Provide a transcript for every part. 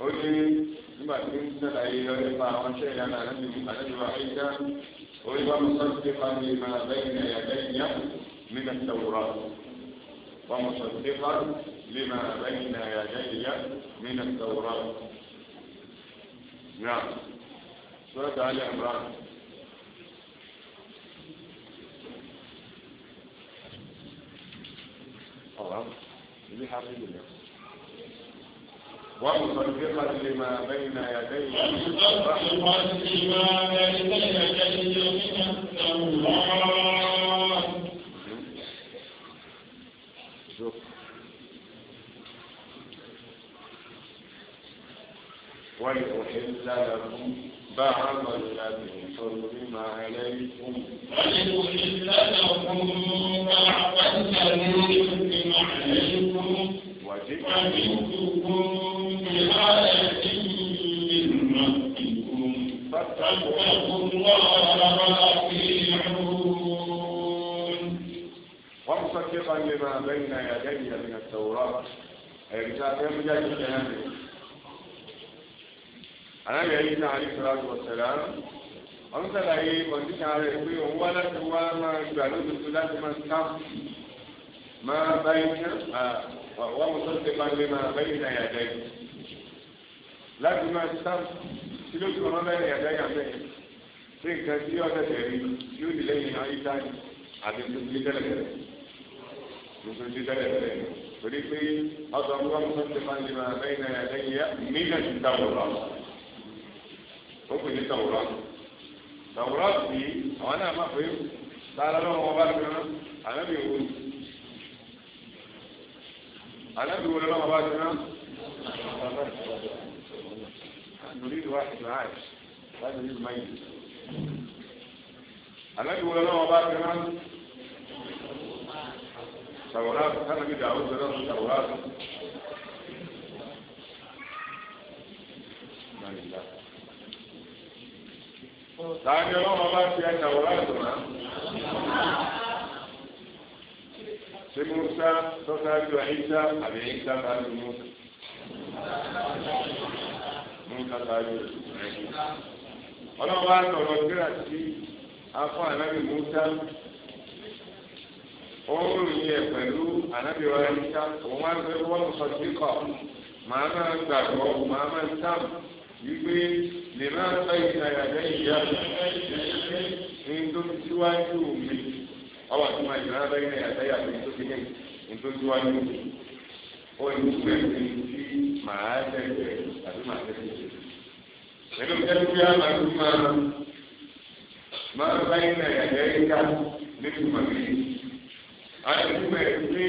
ó ní nígbà tí ومصدقا لما بين يديه ومصدقا لما بين يديه من التوراة ولأحل لكم بعض الذي حرم عليكم ولأحل لكم بعض الذي حرم sí. ومصدقا لما بين يدي من التوراة ẹ̀ríkà fẹ́ mú jáde sẹ́yìn rẹ̀. Àlàyé yìí náà àlè sọ̀rọ̀ àgbọ̀ sẹ̀rẹ̀ àrùn. Wọ́n sàlàyé kọ̀ǹdíṣàn rẹ̀ pé òun wá láti wá máa gbà lódodo láti máa sáfù máa bá iṣẹ́ وهو مصدقا لما بين يديه لكن ما استم سلوك ما بين يديه عمله sí nǹkan tí yóò tẹ̀sẹ̀ rí yóò di lẹ́yìn ayíkáyì àti tuntun tẹ́lẹ̀tẹ́lẹ̀ tuntun tẹ́lẹ̀tẹ́lẹ̀ torí pé ọ̀sọ̀ ọ̀gbọ́n mú sọ́tẹ̀ máa ń lè máa bẹ́yìn náà lẹ́yìn yá mílíọ̀n ti tàwùrọ̀ ó pè ní tàwùrọ̀ tàwùrọ̀ sí àwọn náà máa pè ànábì wo lọ́wọ́ bá ti rán. نريد واحد عايش لا نريد ميت النبي ولا نوع بعد كمان توراة أنا بدي أعوذ بالله توراة ثاني يوم ما في توراة ṣé musa tọ́sájú àyíṣá àbí àyíṣá sáájú musa ah, musa sáájú ọlọ́wọ́ àtọ̀rọ̀ afọ ànábì musa òun rìn yẹ pẹ̀lú ànábì wa àyíṣá òun wá ń wọ́n sọ sí màá máa gbàgbọ́ màá máa sáàmù lè sọ ọwọ́ àti máa jìnnà abẹ́rẹ́ náà yàtọ̀ yàtọ̀ ní tó ti lẹ́yìn ní tó ti wáyé ní ó ní pẹ̀lú tí màá tẹ̀lé tàbí màá tẹ̀lé pẹ̀lú pẹ̀lú bí a máa tún máa máa báyìí náà yàtọ̀ yẹn ká lẹ́tù màmí. a lè tún bẹ̀rẹ̀ pé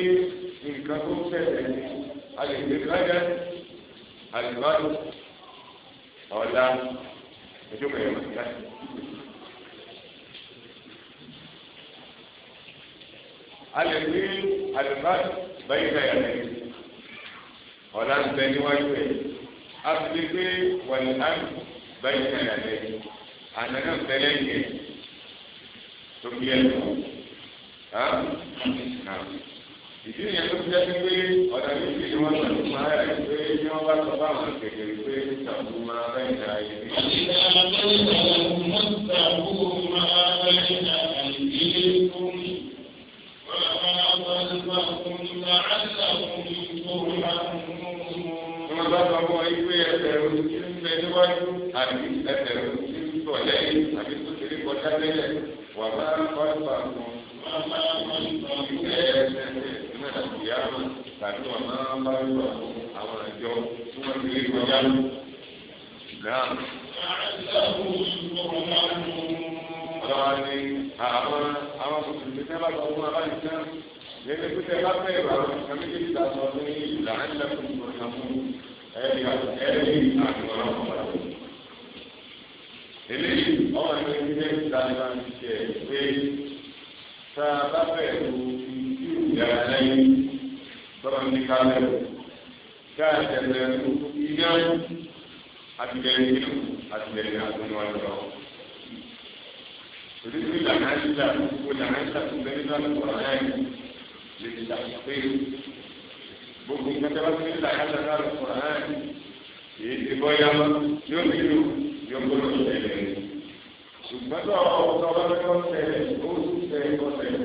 nǹkan tó tẹ̀lé ni a lè gbé kájà àlùbáàdù ọ̀la ẹjọ́ mẹ́rin màtí láti. alẹ́ ní alifáàdì báyìí náà yàrá yìí ọ̀la ń bẹ níwájú ẹ̀ afi pé wàlẹ̀ àmì báyìí náà yàrá yìí àná náà bẹ lẹ́yìn ẹ̀ tó fi ẹ̀ lọ. ìdí ìyẹn tó fi ẹ́ pé ọ̀dà méjì ni wọ́n sọ̀rọ̀ fún ara rẹ̀ pé ní wọ́n bá sọ fáwọn kékeré pé ìtàkùn máa bẹ́ẹ̀ náà yẹ ọlọ́dọ̀ ọmọ ìwé ẹgbẹ̀rún tí ń bẹ níwájú àbí ẹgbẹ̀rún tí ń bọ̀ lẹ́yìn àbí tó kéré kọjá lẹ́yẹ̀ wà bá kọ́ ìgbà wọn. Tàbí wọn máa ń bá lọ àwọn àjọ tí wọ́n ti rí kọjá lọ. Gàán. Ọlọ́wà ni àwọn àwọn mùsùlùmí tẹ́ bá lọ fún abáyé tán lẹ́yìn pé tẹ́ bá fẹ́ ìwà àwọn ìsàmìlì ìdásọ̀ ní ìlànà ìlẹ́kùn ìgbọ̀nyàmú ẹ̀rí ẹ̀rí àgbọ̀n ọ̀rọ̀ wà lọ. eléyìí ọmọ ìwé ilé ìdáni máa ń ṣe ẹ̀ pé tá a bá bẹ̀rù ìdí ìyára lẹ́yìn tọ́lá ní kálẹ̀ tá a tẹ̀lé iná àtìlẹ́yìn inú gbogbo ìgbàgbọ́ bá ti ń là yàtọ̀ sáà lọ́kọ̀ náà yìí ti bọ́ yá lọ yóò fi lù yóò gbọ́dọ̀ tó tẹ̀lé ṣùgbọ́n tó ọkọ̀ ọba tó tẹ̀lé ó sì tẹ̀lé kọ́ tẹ̀lé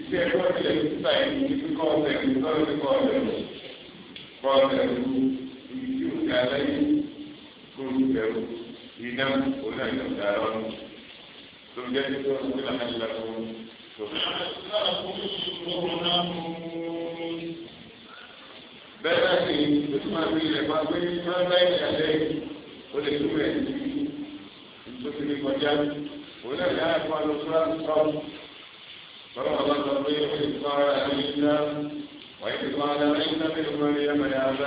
iṣẹ́ ẹ̀kọ́ tẹ̀lé nípa ẹ̀yìn ní kíkọ́ tẹ̀lé lọ́dún kíkọ́ tẹ̀lé kọ́ tẹ̀lé ibi tí ó ti alẹ́ yìí kó ń bẹ̀rù iná bẹ́ẹ̀ bá ti ìdòtí máa fi ilẹ̀ máa gbé máa bá ìyá lẹ́yìn ó lè túmọ̀ ẹ̀ ní tó ti ní kọjá òun náà yára fún alùpùpù sọ́ọ̀mù bọ́lá bàbá sọ pé ó lè fún ara rẹ̀ ní iná wàyí fún ara rẹ̀ ní iná bí ó máa ní ẹ̀mẹ̀rẹ̀ àgbà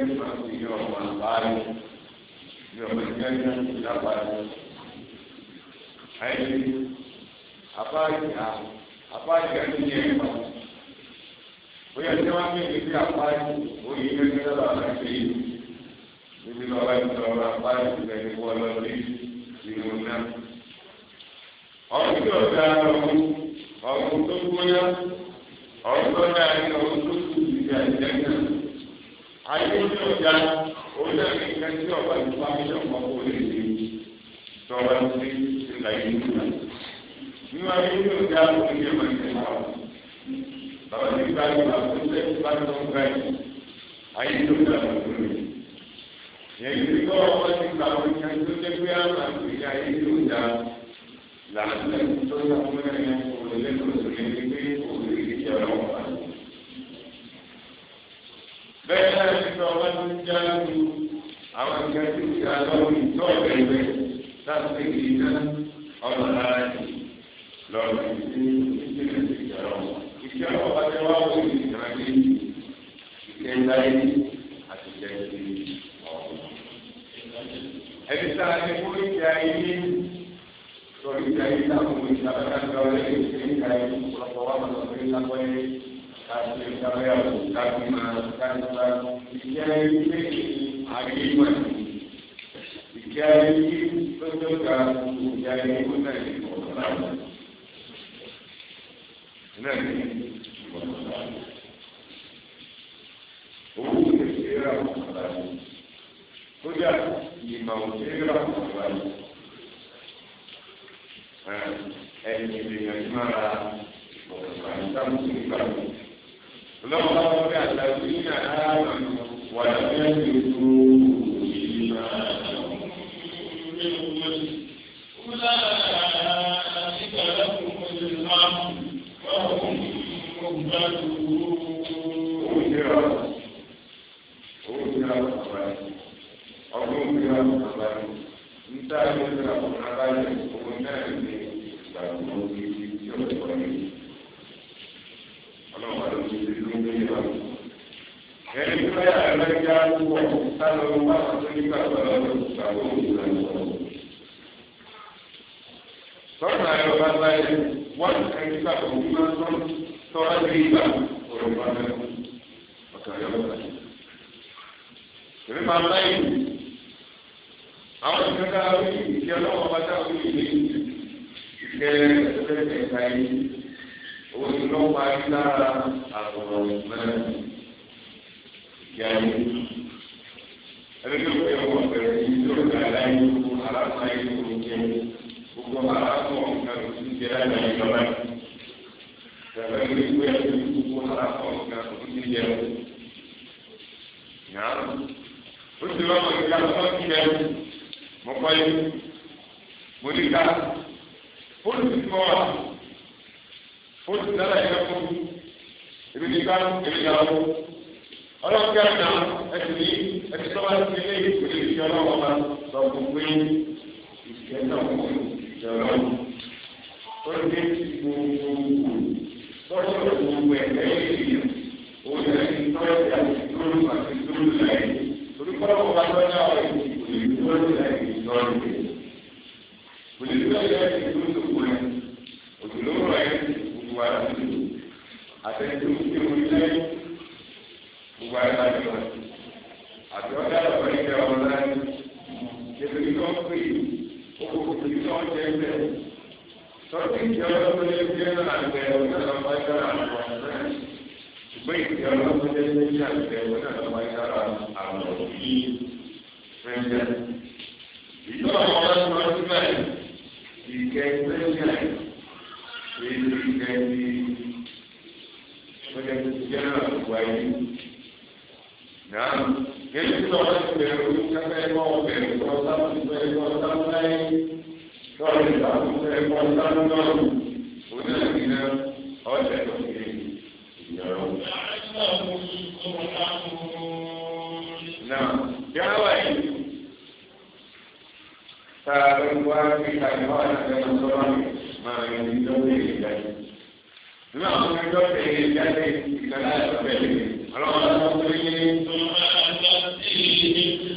ẹni máa fi yọ ọ̀pọ̀ àbáyé yọ ọ̀pọ̀ ìgbẹ́jọ́ ìdábàáyé. Ayé àbáyé à àbáyé à ní ẹ̀rí pa. Bóyá tí wọ́n fi ìdí àbáyé òye gẹ́gẹ́ lọ́la láti rí. Ibi lọ́la ìtọ́ra àbáyé ìgbẹ́ ní wọ́n lọ sí ìlú náà. Ọ̀rọ̀ tí ọ̀gá ọ̀hún ọ̀hún tó ní ọ̀hún tó kù ìdí àjẹ́ náà ayé tí ó ya orílẹ̀-èdè ìfẹ́ tí ọba ìlú bá mi lọ́mọ kó lè lè tọ́ba ní sí ìlà ìlú náà. nínú ayé tí ó ya orílẹ̀-èdè ìfẹ́ tí ọba ìlú bàbá mi gba ìgbà tó ṣe é bá tó ń ga yìí ayé tí ó ya orílẹ̀-èdè ìfẹ́. yẹn ti gbọ́ ọmọ ti gba orílẹ̀-èdè tó ṣe pé àwọn àti ìyá ayé tí ó ya làlẹ́ bẹ́ẹ̀ náà ti sọ ọba tó ń já lu àwọn ìgbà tí ó ga lọ́wọ́ ìtọ́ ìbẹ̀rẹ̀ sáfẹ́ kìí ná ọ̀nà ara jù lọ́rọ̀ ìdí ìdílé ti gbà lọ́wọ́. ìṣe ọba tẹ wá wọ ìdí ìjọba ní ìṣe ńlá yìí àti ìṣe ti ọ̀rọ̀. ẹbí sára ní fún ìṣe ayé sọ ìṣe ayé náà fún ìṣe àbẹ̀ká káàkiri kábẹ́yàwó káàkiri máa káàkiri máa ìjẹ́ ilé àgbéwà ìjẹ́ ilé lọ́jọ́ ká ìjẹ́ ilé kó náà ní ọ̀rọ̀ láàbù. náà ní ọ̀rọ̀ láàbù. owó ìwé ṣe rà ọ̀rọ̀ láàbù. kódà ìmọ̀ òṣèré rà ọ̀rọ̀ láàbù. ẹ̀yìn ìgbìyànjú máa ra ọ̀rọ̀ láàbù sábà sí ìgbà yìí. ọlọ́run bá wọ́n fẹ́ àtàwọn ìyá àárọ̀ wà lọ́wọ́ àtẹnudó ní orí lé gbogbo ayé bá jọ àti ọjà lọ́wọ́ ní ìjà ọ̀rọ̀ láti ìdèbèrè tó ń pè é owó kòkòrò tó ń jẹ ẹgbẹ́ tọ́jú ìjà ọ̀rọ̀ tó lé ẹgbẹ́ náà àgbẹ̀ ọ̀rọ̀ náà lọ́wọ́ ẹgbẹ́ náà lọ́wọ́ ṣùgbọ́n ìjà ọ̀rọ̀ tó ẹgbẹ́ náà àgbẹ̀ ọ̀rọ̀ náà lọ́wọ́ ẹgbẹ́ náà àwọn òbí fẹ́ẹ́ ìjọba àwọn ọlọ́run lọ́dún báyìí ìkẹ́ ẹgbẹ́ náà èyí ìkẹ́ ẹgbẹ́ lọ́jọ́ tó ti jẹ́ náà wà yìí. Náà yẹ́nì tí wọ́n ti bẹ̀rẹ̀ orí kápẹ́ ẹ̀kọ́ bẹ̀rẹ̀ kọ́ sáfùsọ ẹ̀kọ́ sáfúláyé tọ́lá ìsàkóso ẹ̀kọ́ sáfúláyé onílẹ̀-èdè ọ̀sẹ̀ tó ti yọrọ. Náà yàrá wà yìí. Sáà ló ń wá sí àyẹ̀wò àti àyẹ̀wò sọ́wọ́n máa ń yọ ìdílé ìdájọ́ nínú àwọn ẹjọ́ tẹ̀lé jáde ìgbàlá ìgbàlá ọlọ́run ọlọ́run tó yẹ.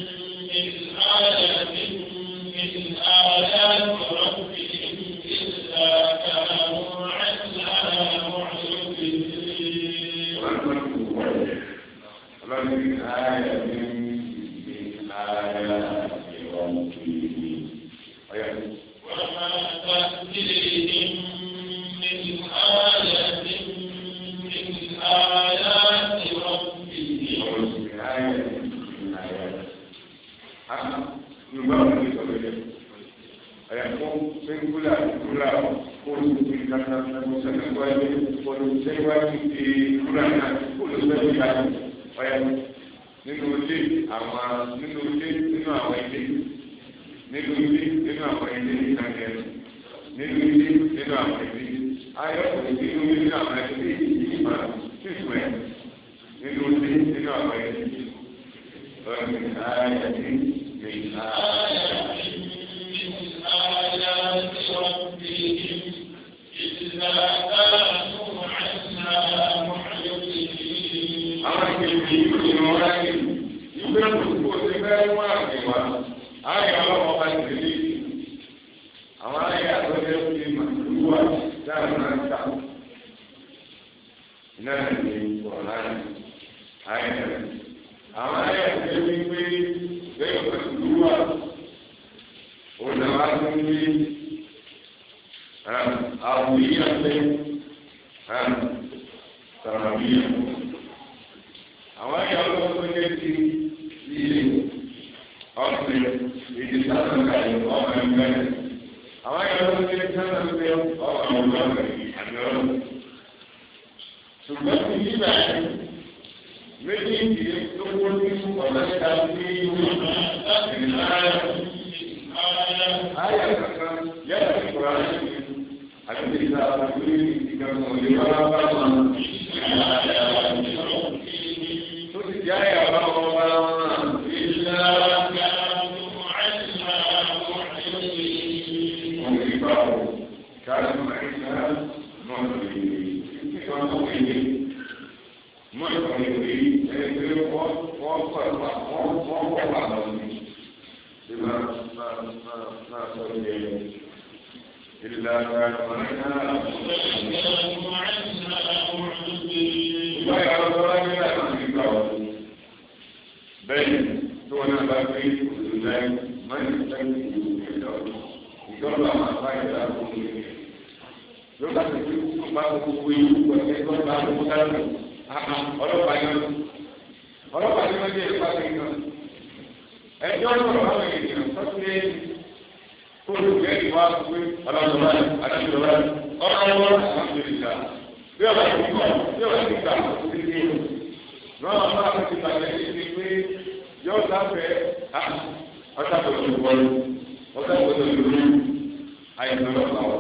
síwájú ti kúrò náà olùgbé ti ga ọ̀yà nínú ilé àwọn nínú ilé nínú àwọn ilé nínú ilé nínú àwọn ilé ìtàgé nínú ilé nínú àwọn ilé ayọ̀ nínú ilé nínú àwọn ilé ìgbà sísú ẹ̀ nínú ilé nínú àwọn ilé ọ̀gbìn ayọ̀ ní ìgbà. إذا fẹ́ mú àmì wá àyà ọlọ́mọ bá ti rí àwọn àyà tó fẹ́ fi màlúù wá dáhùn náà ta náà ní ọ̀la àyà àwọn àyà tó fẹ́ fi pé bẹ́ẹ̀ màlúù wá ònàwá tó ní àwòyí àfẹ́ tàbí àwòyí. ìdí sábà ń bẹ̀rẹ̀ ọmọ ẹ̀ ń bẹ̀rẹ̀. àwọn ẹ̀rọ ń bẹ̀rẹ̀ sábà ń bẹ̀rẹ̀ ọmọ ẹ̀ ń bẹ̀rẹ̀ àbí ọ̀rọ̀. ṣùgbọ́n ti yí báyìí méjì ìdí tó kó ní ọ̀nà ìta sí ayé kankan yàtọ̀ ìkura àti ìdí sábà ń bẹ̀rẹ̀ ìdí kan لا تعلمنا báyà ọlọ́lá ní àwọn ìgbà ọ̀dọ́ bẹ́ẹ̀ tó wọn náà bá gbé òṣèlú láì má ní sẹ́yìn ìlú ìgbà ọ̀dọ́ ìjọba àwọn àbáyé láàbò ní ilé ló bá ti fi kúkú bá gbogbo ìlú pẹ̀lú ẹgbẹ́ bá gbogbo dáàbò ọlọ́pàá yẹn ọlọ́pàá yẹn ló jẹ́ ìpàdé kan ẹjọ́ ọlọ́pàá yẹn kì í sọ́kúnlé kóbi ìwé ẹni wá pé ọlọ́dún bá àdúgbò bá bí ọba ìlú kọ́ bí ọba ìlú kà ní ilé ìlú lọ́wọ́ bá àwọn ti bàjẹ́ ní pé yọ sáfẹ́ ọ̀sàkóso ìwọlú ọ̀sàkóso ìlú àyẹ̀wò ọ̀pọ̀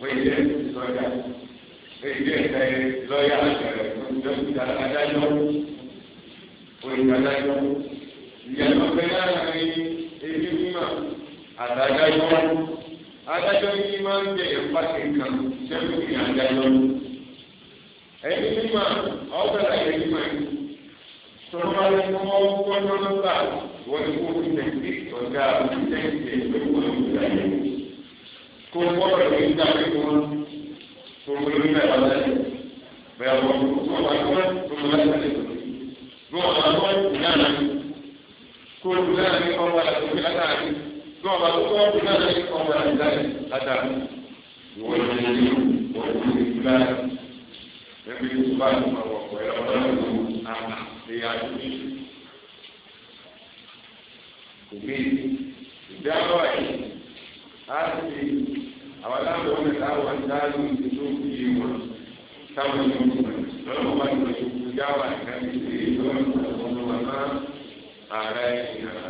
wíjẹ́ lọ́yà wíjẹ́ ẹ̀ lọ́yà ìjọba adájọ́ wíjẹ́ adájọ́ ìyẹn lọ́pẹ́ náà ní ebi mímọ́. adájọ́ adájọ́ yìí máa ń bẹ̀rẹ̀ pàṣẹ kan sẹ́nu ní adájọ́ ẹni mímọ ọ̀gbẹ́lá yẹn mímọ yìí tọ́lá máa ń mọ ọkọ náà gbà wọ́n ti kó fi tẹ̀sí ọ̀gá tẹ̀sí ìgbẹ́wò ìgbà yẹn kó bọ́ọ̀lù yìí dá pé wọ́n tó ń lórí náà wọ́n lẹ́yìn bẹ́ẹ̀ wọ́n tó wà lọ́wọ́ tó ń lẹ́yìn bọ́ọ̀lù àwọn ìyá náà kó lù náà ní ọ̀gbà àti ìgbà náà tó ọba tó kọ́ ọdún náà ní ọmọ àìdá yìí ada ìwọ ni mo ní ìwọ ni mo ní ìgbà ẹbí tó bá ní ọmọ ọ̀pọ̀ ẹ̀ ọmọ náà ló àmà ìyá tó ní. òbí ìdáwọ̀ yìí á ti àwọn aláwọ̀ ọmọ ẹ̀ka wọn dáhùn ìdílé òbí yìí wọn táwọn ẹni wọn lọ́wọ́ wọn ni wọn ti kú yáwà ìdájọ́ ìdílé ìdílé wọn lọ́wọ́ wọn náà ààrẹ ìyàrá.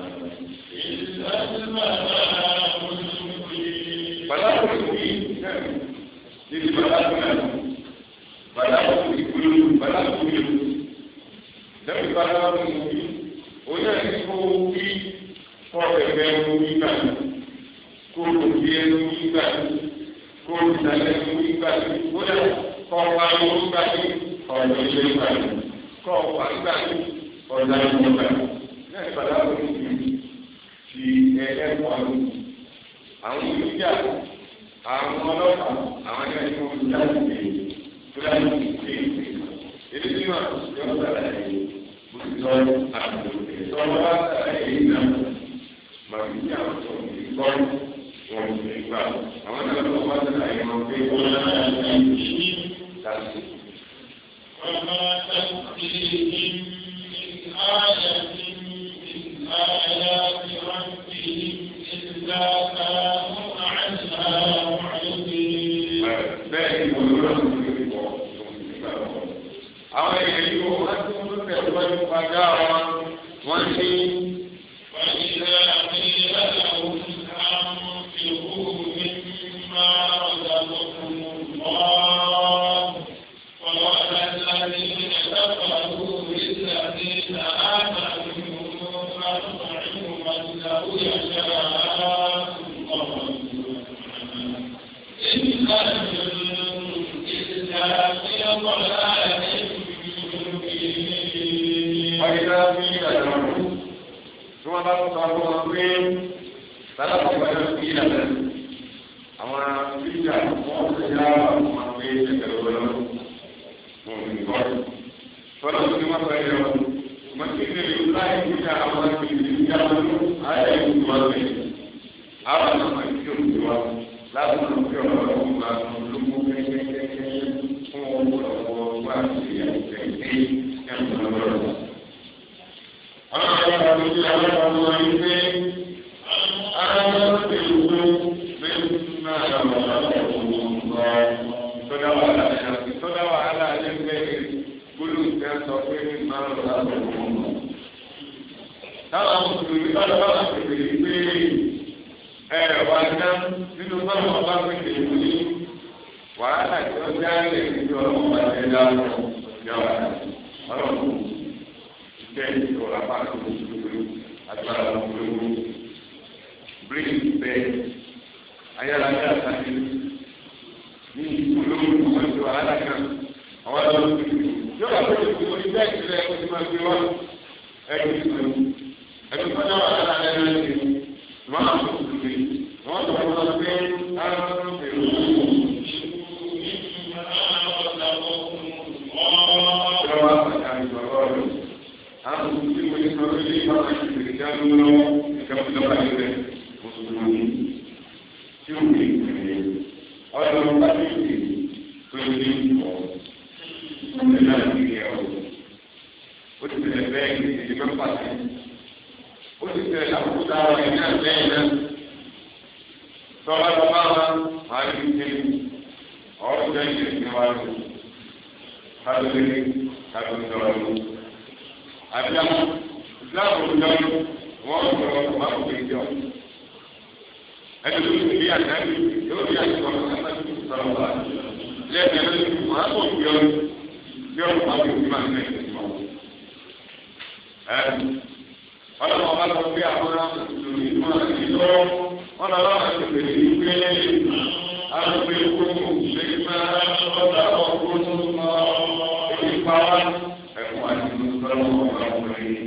àwọn bíjà wọn ṣe yá àwọn pé ẹgbẹ̀rún lọ́wọ́ wọn ò ní kọ́. fọlọ́ tó ní wọ́n fẹ́ yọ mọ́tìrì láì bíjà àwọn ìdílé bíjà wọn ayé ìlú wọn bẹ̀. àwọn àmọ́ ìdílé òkú wa lábùkù kí ọ̀rọ̀ ọ̀hún máa ń lò mú kẹ́kẹ́kẹ́kẹ́ fún ọ̀pọ̀lọpọ̀ wá sí àtẹ̀lé ẹ̀rọ lọ́wọ́. ọlọ́run àwọn ọmọ ìdílé àwọn ọmọ ìdílé táwọn mùsùlùmí bá lọ́wọ́ àpèpè pé ẹ wà ná nínú báwọn ọba pèpè mú ní wàhálà tí wọ́n dá lè fi ọlọ́run bá lè dá lọ́wọ́ yàrá ọlọ́run bẹ́ẹ̀ ni ọ̀rọ̀ apá tó ń sùn agbára lọ́wọ́ bíríkì bẹ́ẹ̀ ayára ní àtàkì ní olóògùn ọ̀dọ̀ wàhálà kan àwọn ọlọ́run yóò wà pé ìgbìmọ̀ ìgbà ìgbìmọ̀ ẹ̀kọ́ ti máa gbé wá ẹ̀kọ́ ti máa gbé ẹbí kọjá wà lára ẹni lóde ìmọ̀ àwọn tó kù pé wọ́n tó kọ́ sọ pé àwọn èrò àwọn tí mo ní sọ pé ní ìgbà wọn ti tètè já lóun lọ́wọ́ ìjọba ìjọba yìí rẹ mùsùlùmí tí ó lè tẹ̀lé ọdún bá ti tètè tó lè wọ̀ ọ́ ẹ̀ náà ti yẹ ọ́ ó ti tẹ̀lé bẹ́ẹ̀ ní ìdílé mẹ́fà tẹ̀lé ti tẹ̀lé àkókò tá a wà ní náà lẹ́yìn náà. Tọ́lá tó bá wọn, wàá ní ìdílé. Ọ̀rọ̀ jẹ́ ìdílé ní wàá lò. Kábílẹ̀ kábílẹ̀ wàá lò. Àbíyáwó, ìsìláàmù ìjọ wọn sọ̀rọ̀ wọn kò fi jọ. Ẹni tó ti bí àtẹ́bí yóò bí àtẹ́bí sọ̀rọ̀ wá. Lẹ́yìn náà, wàá kò fi jọ bí ọ̀rọ̀ wàá kò máa ń ọlọ́run ọba sọ pé àwọn mùsùlùmí máa ń lọ wọn lọ láwọn àgbègbè yìí pé àgbègbè gbogbo ṣe máa ọ̀dà ọ̀gbọ́n tó mọ èyí pa wá ẹ̀fọn àti mùsùlùmí ọ̀gá ọ̀gbìn yìí.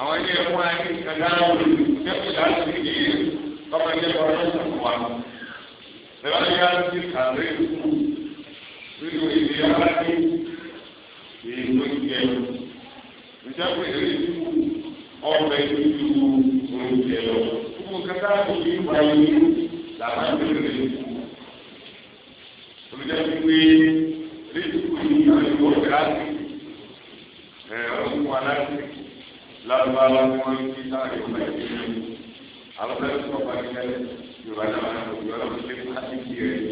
àwọn ilé ẹ̀kọ́ ayé kàdáwò lẹ́kọ̀ọ́ láti ṣe é lọ́kọ̀ ilé ẹ̀kọ́ ọ̀rọ̀ ìṣàkóso wa. Ìjọba ní yára ti kàwé fún nínú ìdí aláàbí èèlò ìjẹ. Ìjọba èrè ìdíkù ọ̀bẹ ìdíkù oúnjẹ lọ. Gbogbo kẹta ìjọba wípé rísíkù ní ìgbàlódé ọ̀gá ẹ̀ ọ̀hún aláṣẹ lálùbá lálùbá ń fi sáré ọ̀gá ìdílé alọ́fẹ́ tó bá ní ẹ̀ yorùbá náà wọn kò yọ ọlọ́run lé láti fi rẹ̀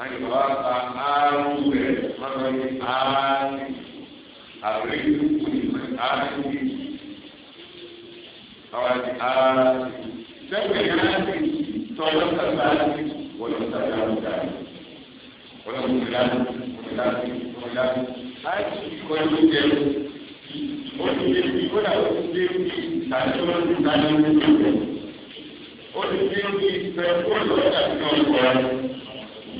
àyè bàbá ta ààrùn rẹ̀ lọ́dọ̀ ní ààrùn àbẹ̀rẹ̀ rísíkù ní ààrùn àwọn àti ààrùn sẹ́kùn ìyá tọ́lọ́sàgbà wọ́lọ́sàgbà lọ́dọ̀ ọlọ́run kò lánà kò lánà kò lánà láì kọ́ ló ń jẹun ó ti dé bí kódà ó ti dé bí tàbí ó ti tàbí ó ti dé ó ti dé bí pẹ̀lú ó lọ tàbí ó ń kọ́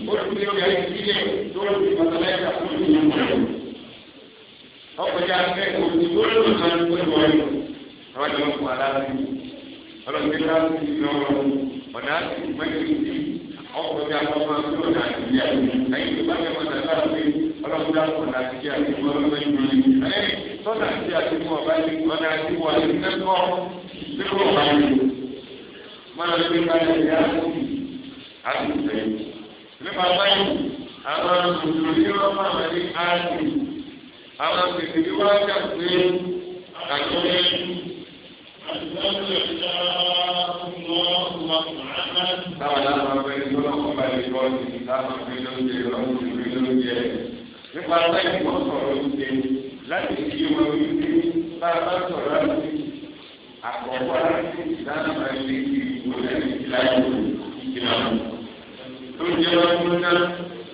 ó ti dé bí ayé sílẹ̀ tó ń fi pàtàkì àkókò ìlú rẹ̀ ọkọjá fẹ́ òtún tó lọ́wọ́ kan pé wọ́n yọ ọlọ́run kò aláàbí ọlọ́run kò aláàbí ọ̀nà àti mẹ́rin ti ọkọ̀ bí akọ́ máa tó ọ̀nà àdìyà ẹ̀yìn tó bá fẹ́ mọ̀ náà láti pé ọlọ́run dá ọ̀nà àdìyà àti ọlọ́run ẹ̀yìn tọ́nà àti àtìmọ̀ ọ̀bá ni ọ̀nà àtìmọ̀ àti nẹ́kọ́ nínú ọ̀bá ni máa ń gbé báyìí ní àkókò àtúntẹ̀ nípa báyìí àwọn mùsùlùmí wọn máa wà ní áàtì àwọn mùsùlùmí wọn kà pé àtúntẹ̀ àtúntẹ̀ ìjọba ọmọ ọmọ ọmọ láti fi lóúnjẹ lọ́wọ́ ti fi lóúnjẹ. nípa báyìí wọ́n sọ̀rọ̀ oúnjẹ láti fi wọn wípé bá a bá sọ̀rọ̀ láti àkọ́kọ́ láti ìdáná máa ń lé kí ìwò lẹ́yìn ìlànà ìlànà. lóúnjẹ wọn mú ná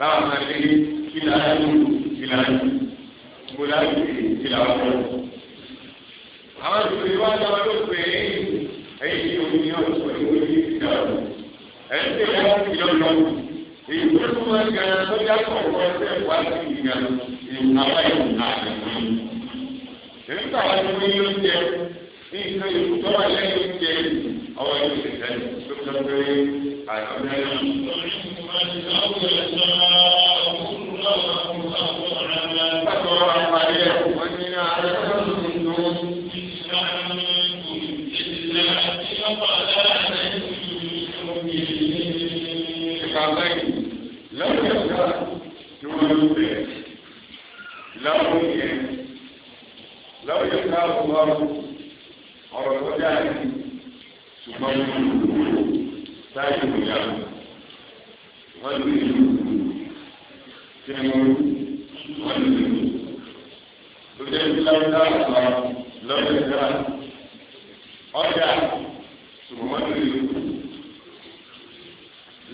láwọn máa lé ìlànà ìlànà ìwò láti ìlànà. àwọn ìṣòro wa dáwọ́ ló pè é ẹ̀yìn ìṣòro ni wọ́n sọ ìwé ìlànà. ẹ̀ ń tẹ̀lé wọn kìlọ̀ lọ́wọ́ èyí tó máa ń gan tó yàtọ̀ wọ́n ṣe wá sí ìgbà ìnáwó ìná ìná. èyí táwọn ẹni ní ló ń jẹ ní nǹkan ìlú tó wà lẹ́yìn oúnjẹ ọwọ́ ìlú ìṣẹ̀lẹ̀ tó tọ́ pé àìsàn náà. lọ́rùn ọ̀rọ̀ tó dá yìí ṣùgbọ́n mo ń lò ó láyé ìgbéyà wọ́n lè lò ó ṣé mo wọ́n lè lò ó lóde ìlànà àgbà lọ́dẹ̀ ìlànà ọjà ṣùgbọ́n wọ́n lè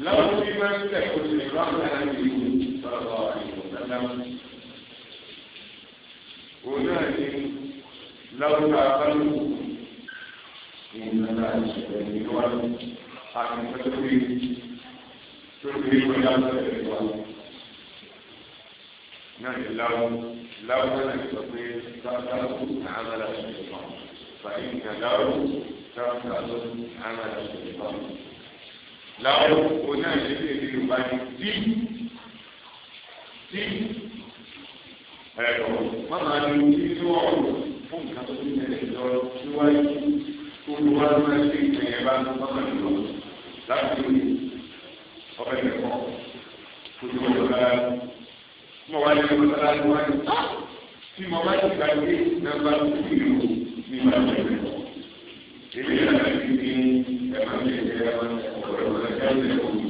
lò ó lọ́wọ́ bí wọ́n ń tẹ̀ kó lè rọ́ọ̀nà ìlú sọ̀rọ̀ ìlú dáadáa. òun náà ní. لولا قلبه إن لا يشتري ولد حاكم تكوين تكوين ولا تكوين نعم لو لو كان يستطيع تركه عمل الشيطان فإن لو تركه عمل الشيطان لو هنا يجري بمن في في هذا ما معنى في fún nǹkan tó ní ẹ̀rẹ́ lọ síwájú tó ń wá lọ́wọ́ ẹgbẹ́ ìtàn yẹn bá lọ́wọ́ pẹ̀lú lọ láti ní ọbẹ̀ yẹn kọ́ ojú ọjọ́ rárá mo wá lé ọjọ́ rárá ló wáyé tí mo bá ti gba ilé nàbà lórí ìlú ní ìbámu ẹgbẹ́ ilé yàrá ti ní ẹ̀ma mi ẹ̀jẹ̀ ẹ̀ma ọ̀rọ̀ ọ̀rọ̀ ẹ̀jẹ̀ ẹ̀jẹ̀ ọ̀rọ̀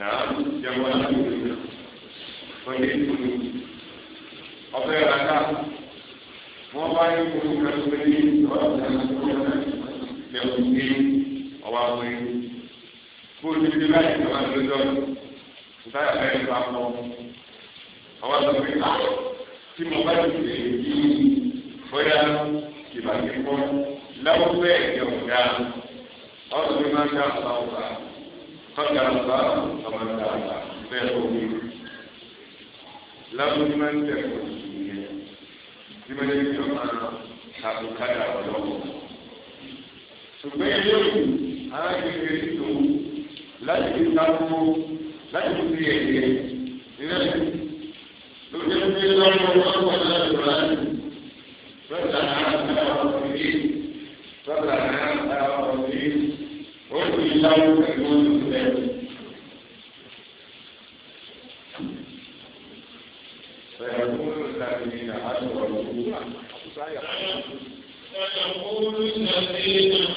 náà jẹ́ wọn láti wọlé ọ̀fẹ́ rárá wọ́n bá yẹ kó nípa tó pé ní ọ̀dà ìjọba lẹ́kùn ní ọwọ́ àwọn ẹni. Fóònù ti di láyé ìjọba lọ́jọ́ ìtayà mẹ́rin bá pọ̀. Àwọn àgbà pé ká tí mo bá ti lè yí bóyá ìbàdí pọ̀ láwùjọ ẹ̀jẹ̀ ọ̀gá ọ̀dọ̀ mi máa ń dá àwọn ọ̀gá tọ́jà ọ̀gá ọ̀gá ọ̀gá bẹ́ẹ̀ lómi. Láwùjọ máa ń tẹ̀kọ̀ sí ìyẹn tí wọ́n lè fi ọ̀nà àbò kádà ọlọ́wọ́. ṣùgbọ́n ilé òkú arákùnrin ti tó láti fi sáfó láti fi ẹ̀yẹ ìrẹsì lójú ní lọ́wọ́ lọ́wọ́ láti rà á lọ́tà náà ọ̀rọ̀ yìí lọ́tà náà ọ̀rọ̀ yìí ó sì láwọ́ pẹ̀lú ọ̀rọ̀ yìí. الذين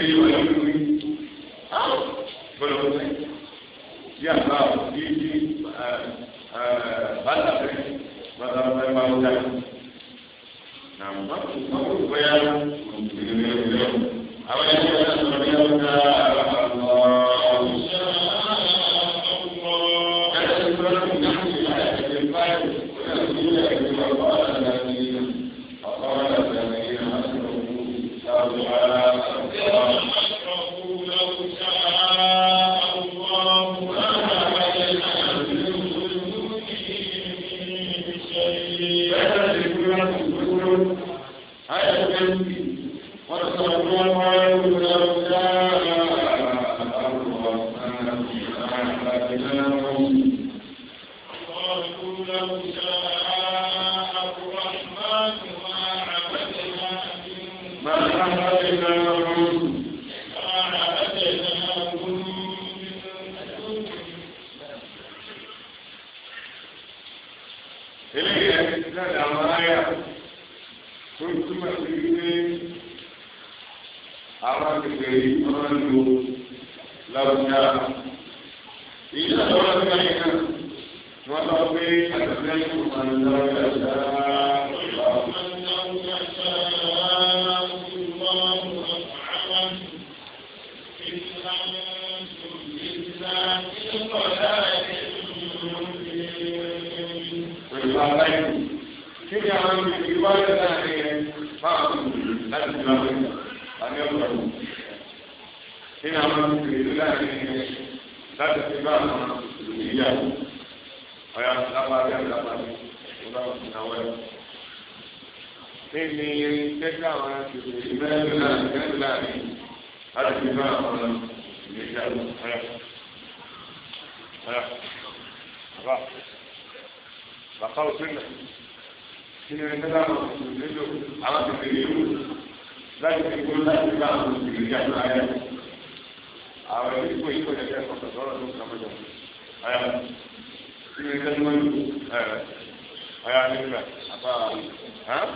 Amen. ọ̀yà ah. kí ni kẹ́kẹ́ wọ́n lù ẹ̀ ọ̀yà nígbà àbá hàn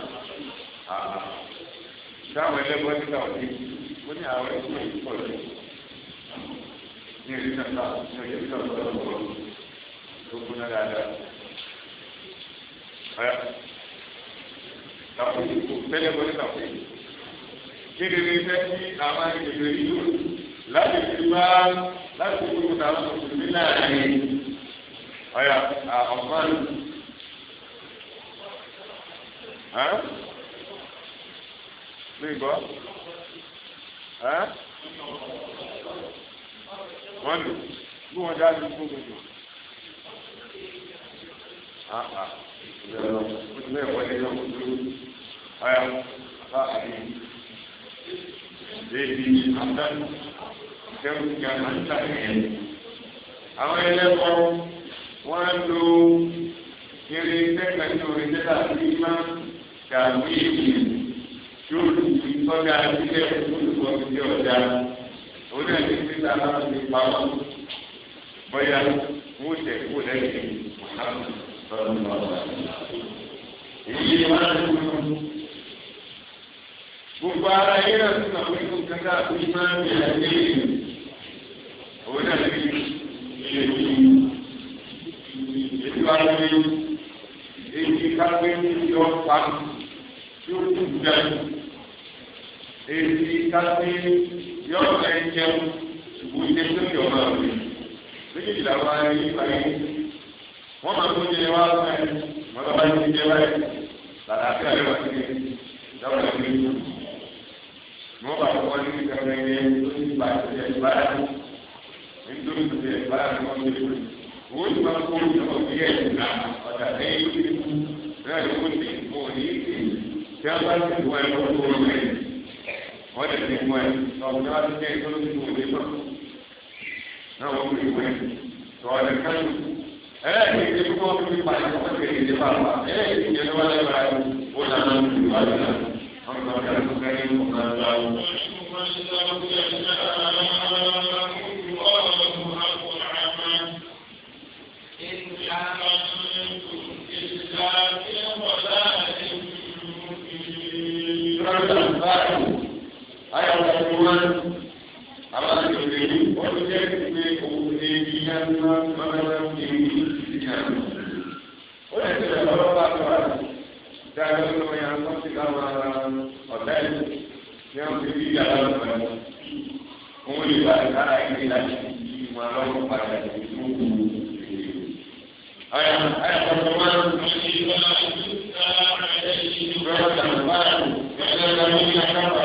ṣé àwọn ẹlẹ́gbọ́n nígbà òní ó ní àwọn ẹgbẹ́ ìpọ̀ rẹ̀ ní ìlú náà ní ìlú náà lọ́wọ́ tó gbóná dáadáa ọ̀yà tàbí ìkó tẹ́lẹ̀gbọ́n nígbà òní kí ni ní fẹ́ kí àwọn ẹgbẹ́ láti fi máa láti kú ní àwọn mùsùlùmí láàrin ọ̀yà ọ̀gbọ́n. Ní ìgbọ́. Wọ́n lò bí wọ́n dá lórí fún gbogbo. Ilé ẹ̀kọ́ ni yóò kú ọ̀yà bá àdéhùn. Débi àdánù. kẹ́míkà máa ń ta ẹ̀yẹ́n. Àwọn ẹlẹ́kọ̀ọ́ wọ́n á lo eré tẹ́kẹ̀ ní orin tẹ́lẹ̀ àti ìmá gàmú ìlú ṣóòlù ìtọ́jà sílẹ̀ olùkọ́ ti jẹ́ ọ̀dà. Òun náà ti fi sára ti pa wá. Bọ́yá wọ́n ṣe kú lẹ́yìn Mùhàmmad lọ́dún lọ́dún. Èyí ni wọ́n á lò wọ́n. Gbogbo ara yẹn náà ti sàmójú kankan àti ìmá ìlú àti ìlú. òun náà ní ilé ní ètò arábí èyí kápẹ́ ní ìjọ pàmì tí ó kù jẹun èyí kápẹ́ yọ ọ̀gá ẹ̀ jẹun ṣùgbọ́n ìjẹ́ tó yọ̀ ọ̀gá rẹ̀ méjèèjì làwọn ará yìí parí wọ́n máa tó jẹ wá sẹ́yìn wọ́n lọ́ba ti jẹ wáyé làlàáfíà lè wá sí ìdáwọ̀ ẹ̀ ní ìlú. wọ́n bá wọ́n ní ìgbà rẹ̀ yẹn tó ti gbà ìgbà rẹ̀ nítorí tó ti ẹ̀fọ́ láti wọ́n ṣe fún mi. Owó tí wọ́n kó ní ọmọ ìyá ìlú náà ọ̀dà lẹ́yìn tí kú náà ló ń lè mọ ní ìsìn. Tí wọ́n bá ti wọ ẹ̀rọ tó wọ́n mẹ́ wọ́n lè fi wọ́n ẹ̀ ọ̀gbìn wá ti jẹ́ ìtọ́ló tí wọ́n lè mọ̀. Náà wọ́n fi wọ́n ẹ̀ sọ̀rọ̀ kájú. Ẹlẹ́yìn tí wọ́n fi pàṣẹ fún kékeré ní Ẹlẹ́yìn ayé àwọn ọmọ wọn àwọn àgbègbè ní wọn jẹ́ pé òun ní ibi yá ní wọn máa ń rán ní ibi ìsìn yá ní. ó lè tẹ̀lé ọ̀rọ̀ bá tó wà dáadáa ló ń yan wọ́n ti láwọn ara ọ̀dá ìlú ní wọ́n ti bí yàrá lọ́pọ̀ ẹ̀ òun lè wà lára ìlú ìlànà ìlú wọn lọ́wọ́ padà ìlú ayé àwọn ọmọ wọn ní ìlú wọn.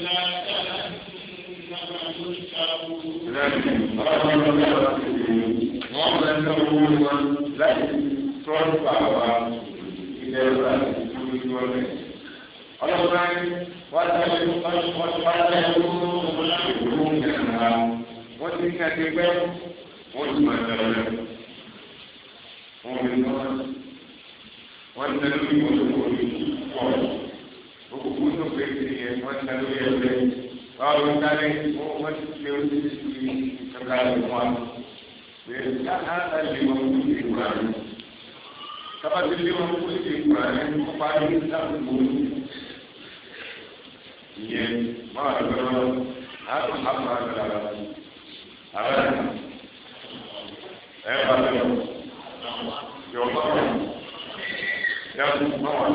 wọ́n máa ń náwó wọn láti tọ́jú àwa ilẹ̀ wa ìlú ìlú ọ̀rẹ́. ọlọ́run á ní wọ́n ti ṣe wọ́n ti wá lẹ́yìn ìlú ìyàrá wọ́n ti ní àtẹgbẹ́ wọ́n ti máa tẹ̀lé wọ́n fi ń lọ́wọ́ wọ́n ti tẹ̀lé ìwọ̀n tó wọ́n ti kú pọ̀ gbogbo tó pé kiri yẹn wọ́n ti ta lórí ẹgbẹ́ báwo ló ń darí wọ́n ti lé orí títí kankan lè mọ́ àná bẹ́ẹ̀ ká á ta lè wọ́n kú sí ìwúrà rẹ̀ sábà ti lé wọn kú sí ìwúrà rẹ̀ wọ́n pa ní sáàpù ìyẹn máa lọ lọ àtọ̀ àpá àgbà àbá ẹ bá lọ yọ̀ bá wọn yàtọ̀ bá wọn.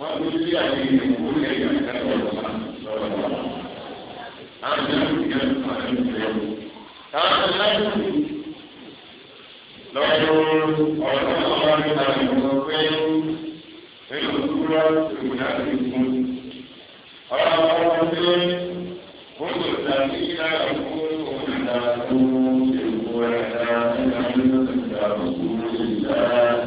wọ́n ló ti yà ní ìwò ní ẹ̀yà ìdájọ́ ọ̀la lọ́wọ́ lọ́wọ́. àwọn ìyá mi yẹn fún àti ìfẹ́ wọn. táwọn ọ̀la ló ti lọ́wọ́ ọ̀rọ̀ náà wà ní àwọn ìwọ̀n pé èlò kúrò ìwòyà ti fún. ọ̀rọ̀ àwọn ọmọ pé wọ́n kò dà sí ìlànà fún òun ìlànà tó èkó ẹ̀dá ìlànà tó ìlànà tó ìlànà.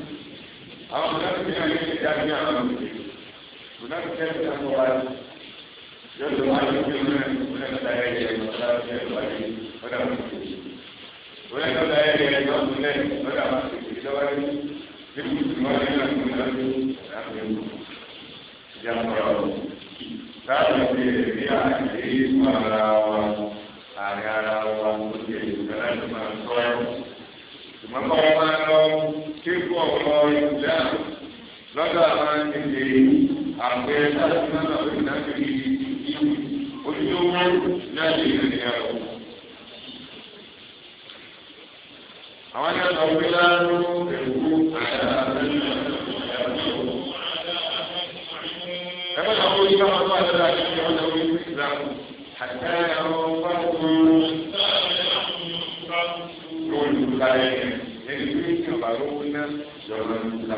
jami'a a mutum munafikan da kuma ba yadda ma yi kuma nan kuma da ya yi masa da ba yi wanda mutum wanda da ya yi masa da ne wanda mutum da wani duk mutum wanda yana kuma da su da ya yi jama'a ta da ke biya da yi kuma rawa a yara wa mutum da ya yi kuma rawa kuma ba ma rawa ke kuma rawa lọ́dọ̀ àwọn èdè àgbẹ̀ sáyẹ́nà onídàájọ́ yìí ojúlówó náà lè rìn ẹ̀rọ. àwọn ẹ̀ka sọ pé láàárọ̀ ẹ̀kú àyà àtẹ̀lẹ́ ẹ̀kọ́ sọ pé oníkà máa tó àtẹ̀lẹ́ àti ìjọba náà wọ́n ti gbà àtẹ̀ ẹ̀rọ pàtó lórí ìlú láyé ẹni tí ìjọba lówó náà lọ́rọ̀ ń gbà.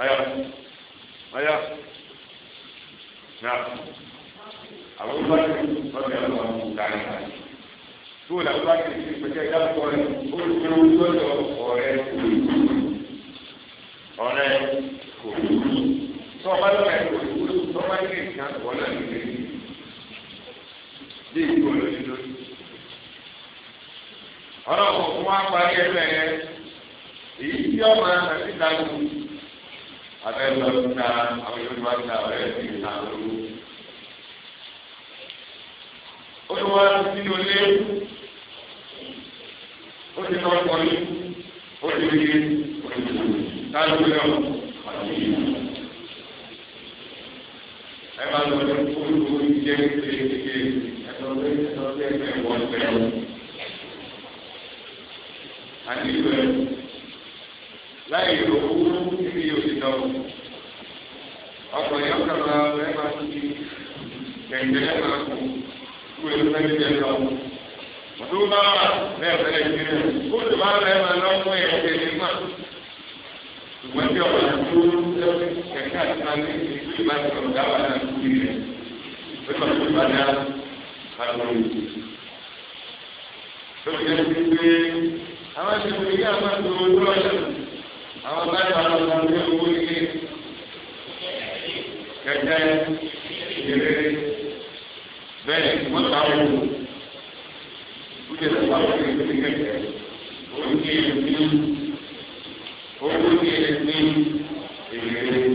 ọyọ ọyọ na àwọn bá ti ọdún yàrá wọn kú dání tó o làwọn bá ti ti pẹ̀lú ẹ̀dá kọrin ó lè fi owó lọ́dọ̀ ọ̀rẹ́ kò lù ọ̀rẹ́ kò lù tó o bá lọ́wọ́ ẹ̀ kò lù tó o bá náà ní ìlú bí ìgbò lórí lórí ọlọ́kùnrin wa parí ẹgbẹ́ yẹn èyí tí ọmọ àti ìdájọ́ abẹ́rẹ́ lọ sí ta àwọn yóò wá ta ọ̀rẹ́ sí ìlà olú. ó ti wá sínú ilé ó ti lọ sọ ní ó ti rí tájú lẹ́wọ̀n ẹ máa lọ sí olùkó ìjẹ́ kékeré ẹ̀sọ́ pé ẹ̀sọ́ pé ẹ̀sọ́ ẹ̀wọ̀n bẹ̀rẹ̀ àti ìwẹ̀ láì lò ó òsì náà ọkọ̀ yẹn kàn máa rẹ̀ máa ń fi kẹ̀kẹ́ rẹ̀ máa kú kú èlò fẹ́ẹ́ jẹ lọ. Mọ̀tò bá wà bẹ́ẹ̀ fẹ́ẹ́ jẹ rẹ̀ kó lè bá rẹ̀ máa lọ fún ẹ̀ ẹ̀ ní mà. Ṣùgbọ́n tí ọ̀pọ̀ yẹn tó kẹ̀kẹ́ àti máa ní ìlú ìbáṣe ọ̀gá wà náà kú ilẹ̀. Ó sọ fún ìbàdà àlọ́ ìlú. Lọ́sẹ̀ ti àwọn ẹ̀sìn ìgbéyàwó àti òwúrọ̀ àwọn báyìí wà lọ́wọ́ wọn ní owó ike kẹjẹ ìrere bẹ́ẹ̀ wọ́n ta owó ó jẹ́ sọ́kà ó ti ní kẹjẹ ó ní ìlú ní owó ní ìlú ní ìrere.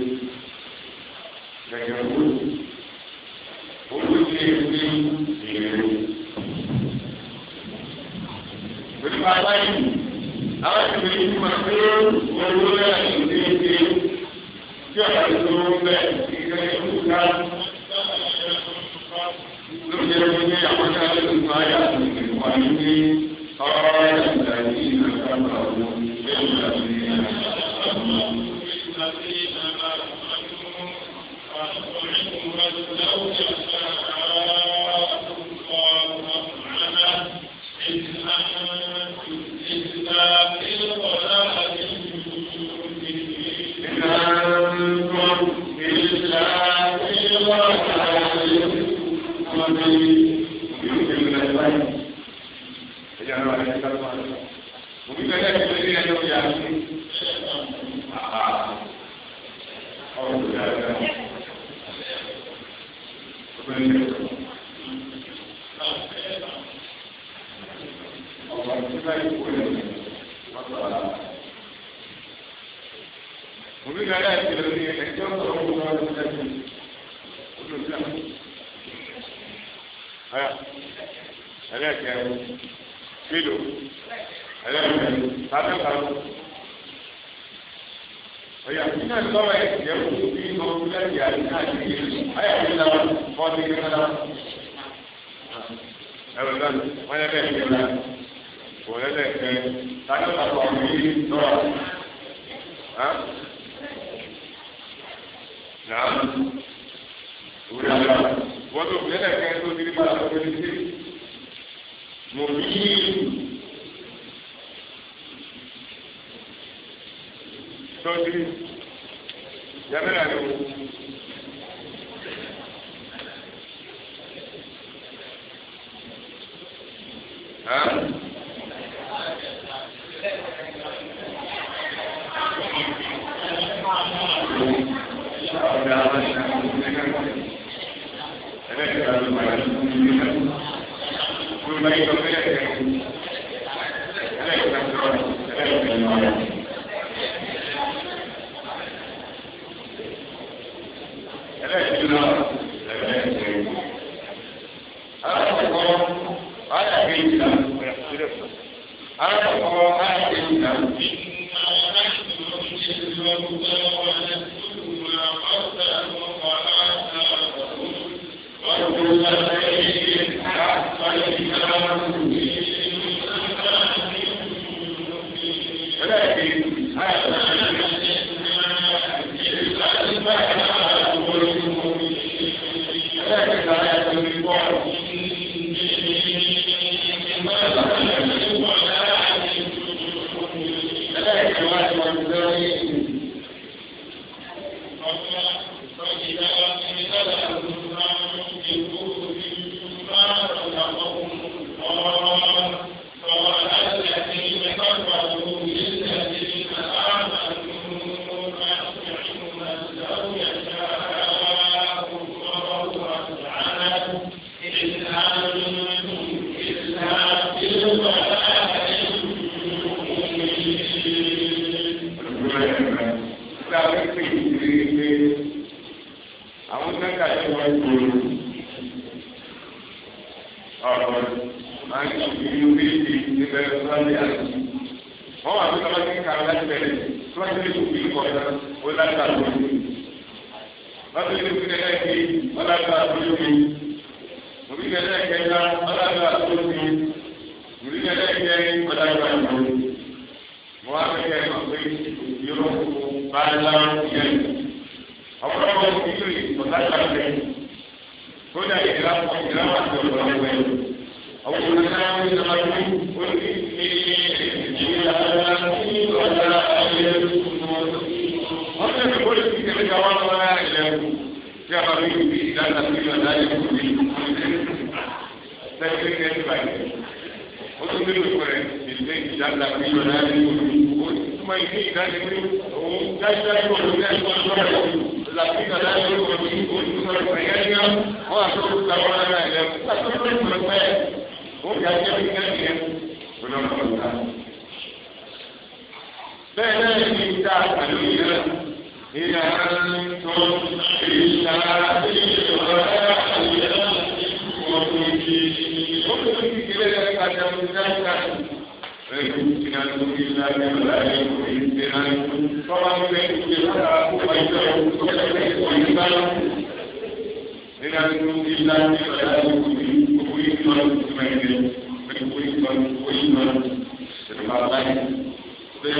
lẹ́ẹ̀kan táyọ̀ tàbí àwọn ìlú lọ́wọ́. Nàá òwe àgbà wọ́n tó fi lẹ́ẹ̀kan tó ti rí bàtà tó ti rí. Mo ní tó ti rí. Yàrá ni o. Huh? Gracias.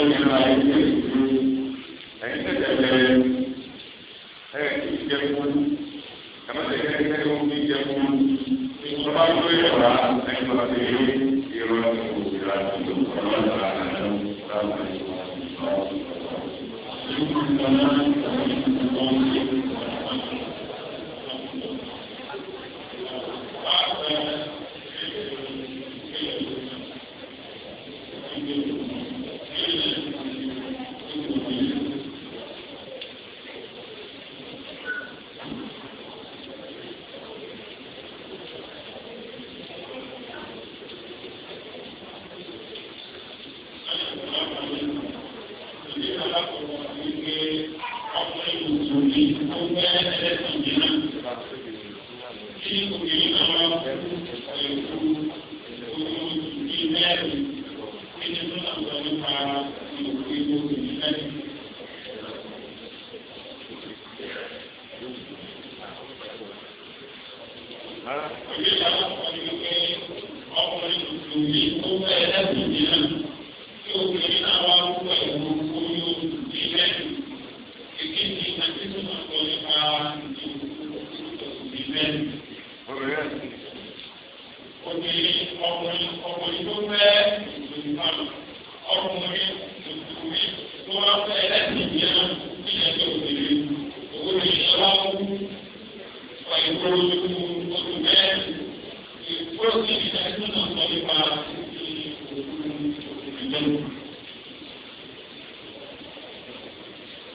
ẹ̀yìn tẹ̀lé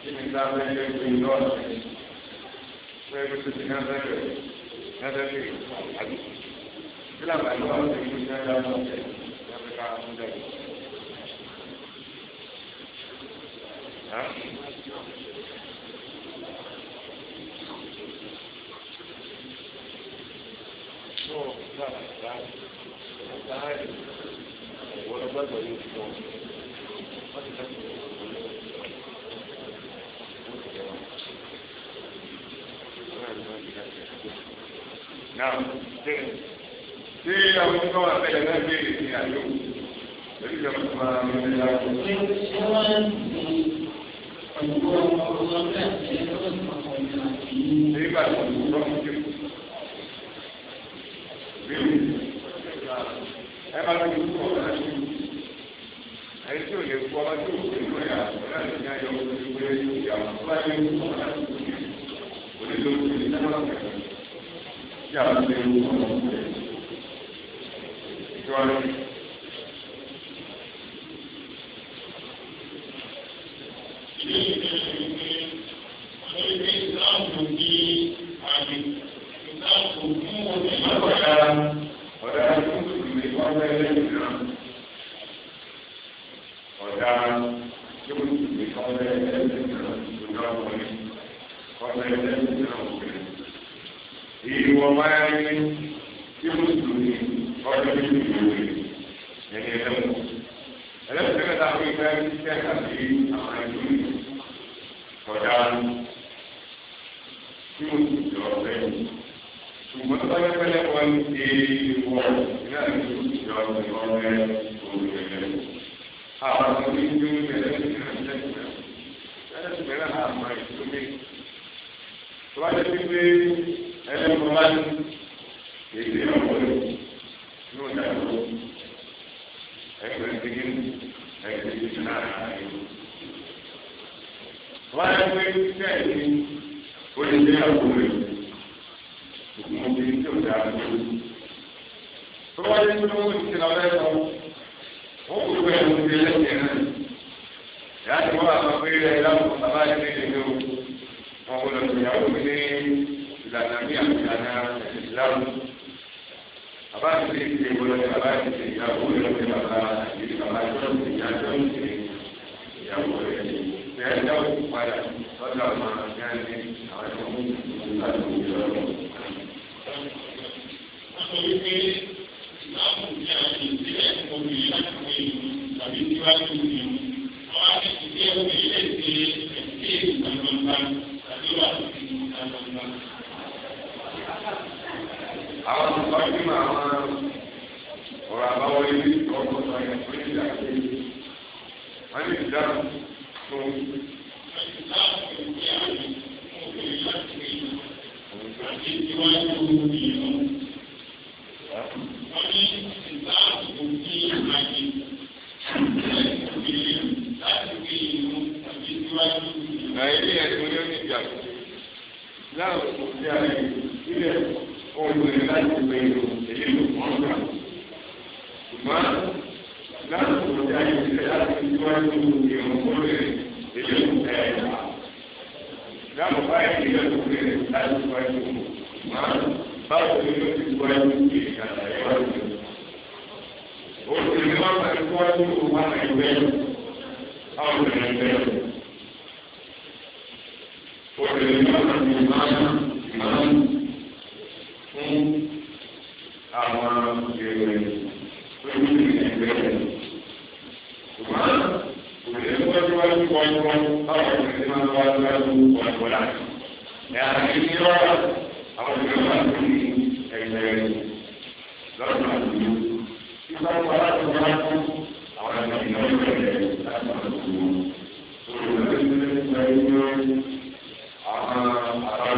tí mi ta fẹ́ lé fún ìlú ọ̀sẹ̀ fún ẹgbẹ́ tó ti ní ọ̀sẹ̀ rẹ̀ ẹ̀sẹ̀ rẹ̀ àbí tí làbà ìlú ọ̀sẹ̀ ìlú ti ẹ̀dá ọ̀sẹ̀ ẹ̀fẹ̀ ká fún dẹ̀rẹ̀. Thank you. náà ṣé àwọn tó wà bẹ́ẹ̀ náà béèrè ní àyò lórí ìjọba tó máa ń bẹ̀rẹ̀ láti. ṣé wọ́n ń fi ọ̀gbọ́n ọ̀gbọ́n bẹ́ẹ̀ ṣe lọ́sọ̀rọ̀ ọ̀gbọ́n àti. ṣé ìgbà tó ń bọ̀ ń ṣe kù? ẹ máa lọ ìlú ọ̀gá ẹ̀ ẹ̀yìn tí ò lè kú ọmọ tí ò lè kí a lè wọ́n ṣe. Ìjọba wọ́n ilé àti ìjọ ìwọ́n rẹ̀ òun rẹ̀ rẹ̀. Àwọn ọmọ mi ń gbé bẹ̀rẹ̀ lẹ́sìnlẹ́sìnlẹ́. Lẹ́sìnlẹ́sìnlẹ́ náà máa ètò mi. Tó bá jẹ́ pé ẹlẹ́gbọ́n bá ní èdè ọ̀pọ̀ ní ọjà ìlú. Ẹgbẹ́ ìdíje ẹgbẹ́ ìdíje náà rà ní. Tó bá jẹ́ pé sẹ́yìn olè tó bá yẹ kó lówó ti lọ bẹ́ẹ̀ lọ wọ́n kò gbé ẹ̀rù gbé lẹ́yìn rẹ̀ yàrá ti wọ́n àgbà pé ilẹ̀ ìlànà bàbá yẹn lè lè o wọn kò lọ sí ìyàwó mi ní ìlànà bí àtìlànà ìlànà bàbá ti lè ṣe ìwọlọ ní bàbá ti ṣe ìyàwó ìlọ ní bàbá ìdí bàbá tó ń ṣe ìyàjọ ń ṣe ìyàwó rẹ̀ bẹ́ẹ̀ ni wọ́n kó padà lọ́dọ̀ àwọn àgbẹ̀yẹ àwọn ẹ̀kọ́ mú ìlànà ìlànà tí a ti ìdílé obìnrin láti pè tàbí níwájú mi. Wọ́n á ní ìdí ẹ̀rọ ilé ìgbé ẹ̀sìn ìgbà gbangba tàbí wà sí ìgbà gbangba. Àwọn olùkọ́ ní mà àwọn ọ̀rọ̀ àbáwọlé ní ọgbọ́n sọ yẹn fún ìdí àti wọ́n ní ìdáhùn fún Thank you ilé ẹ̀sùn ní oníjà láàrú kò sí ààrẹ ilé ọ̀gbìn láti gbé ìlú èyí ló kọ́ ọ̀gá ṣùgbọ́n láàrú kò sí ààrẹ ilé láti síwájú ìrùn kúrò èyí ló kọ́ ẹ̀yà láàrú báyìí ilé ẹ̀sùn ní láti síwájú ìrùn báwo ni ó ti síwájú ìrìn àlàyé wájú kó wá ẹgbẹ́ àwọn ẹgbẹ́ obìnrin náà ti máa máa fún àwọn èrè lórí ẹgbẹ́ ṣùgbọ́n obìnrin náà ti wájú wájú wájú àwọn obìnrin náà wájú wájú wájú wájú ẹ̀yà ti ní lọ́wọ́ àwọn obìnrin náà ti ní ẹgbẹ́ lọ́dún àdúgbò.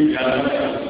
you.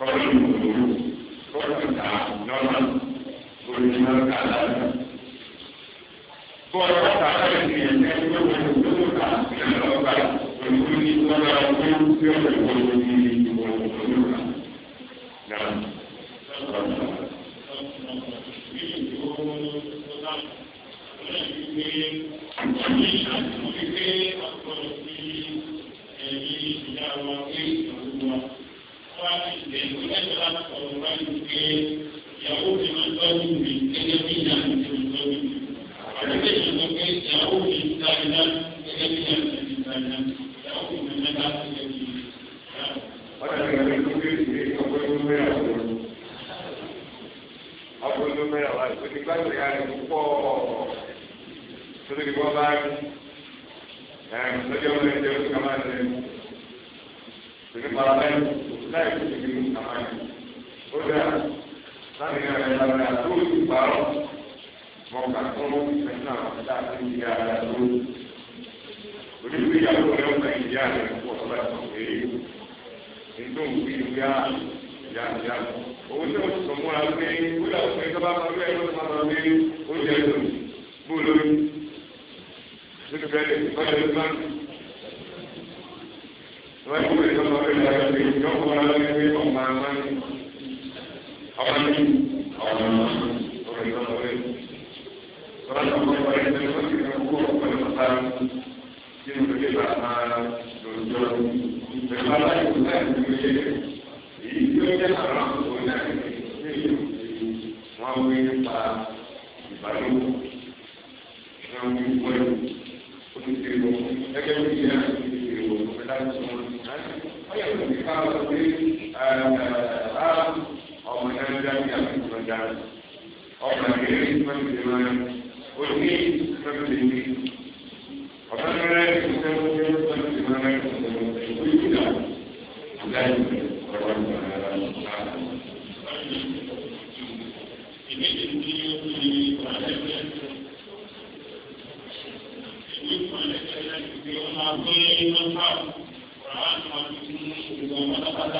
kọ́lí ìwòlò kọ́kàtà lọ́nà olùdíwọ́kà lánàá. bọ́ọ̀lù kọ́kà lọ́nà ti yẹn ní ẹgbẹ́ wọn ló ń kà lọ́gbà tó ń fi ọ̀rọ̀ ìwòlò ní ìdíje tí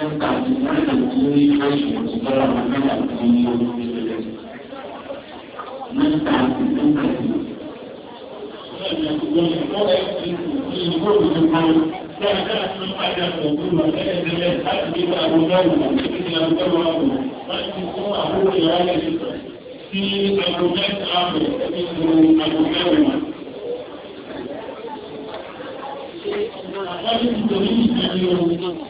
nípa ìdílé tí oṣù tí bọ́lá wọn náà ti ń yọ lórí rẹ̀. Nípa ìdílé tí ìwọ ẹ̀sìn ìwọ òṣùpá dáadáa tó padà pẹ̀lú ọ̀gẹ́dẹ̀dẹ̀ láti gbé àwùjọ ìwà ní àwùjọ ìwà láti fún àwùjọ ìwà rẹ̀ sí àwùjọ ìwà rẹ̀ nínú àwùjọ ìwà. Wọ́n ti ń torí ìdílé ohun náà.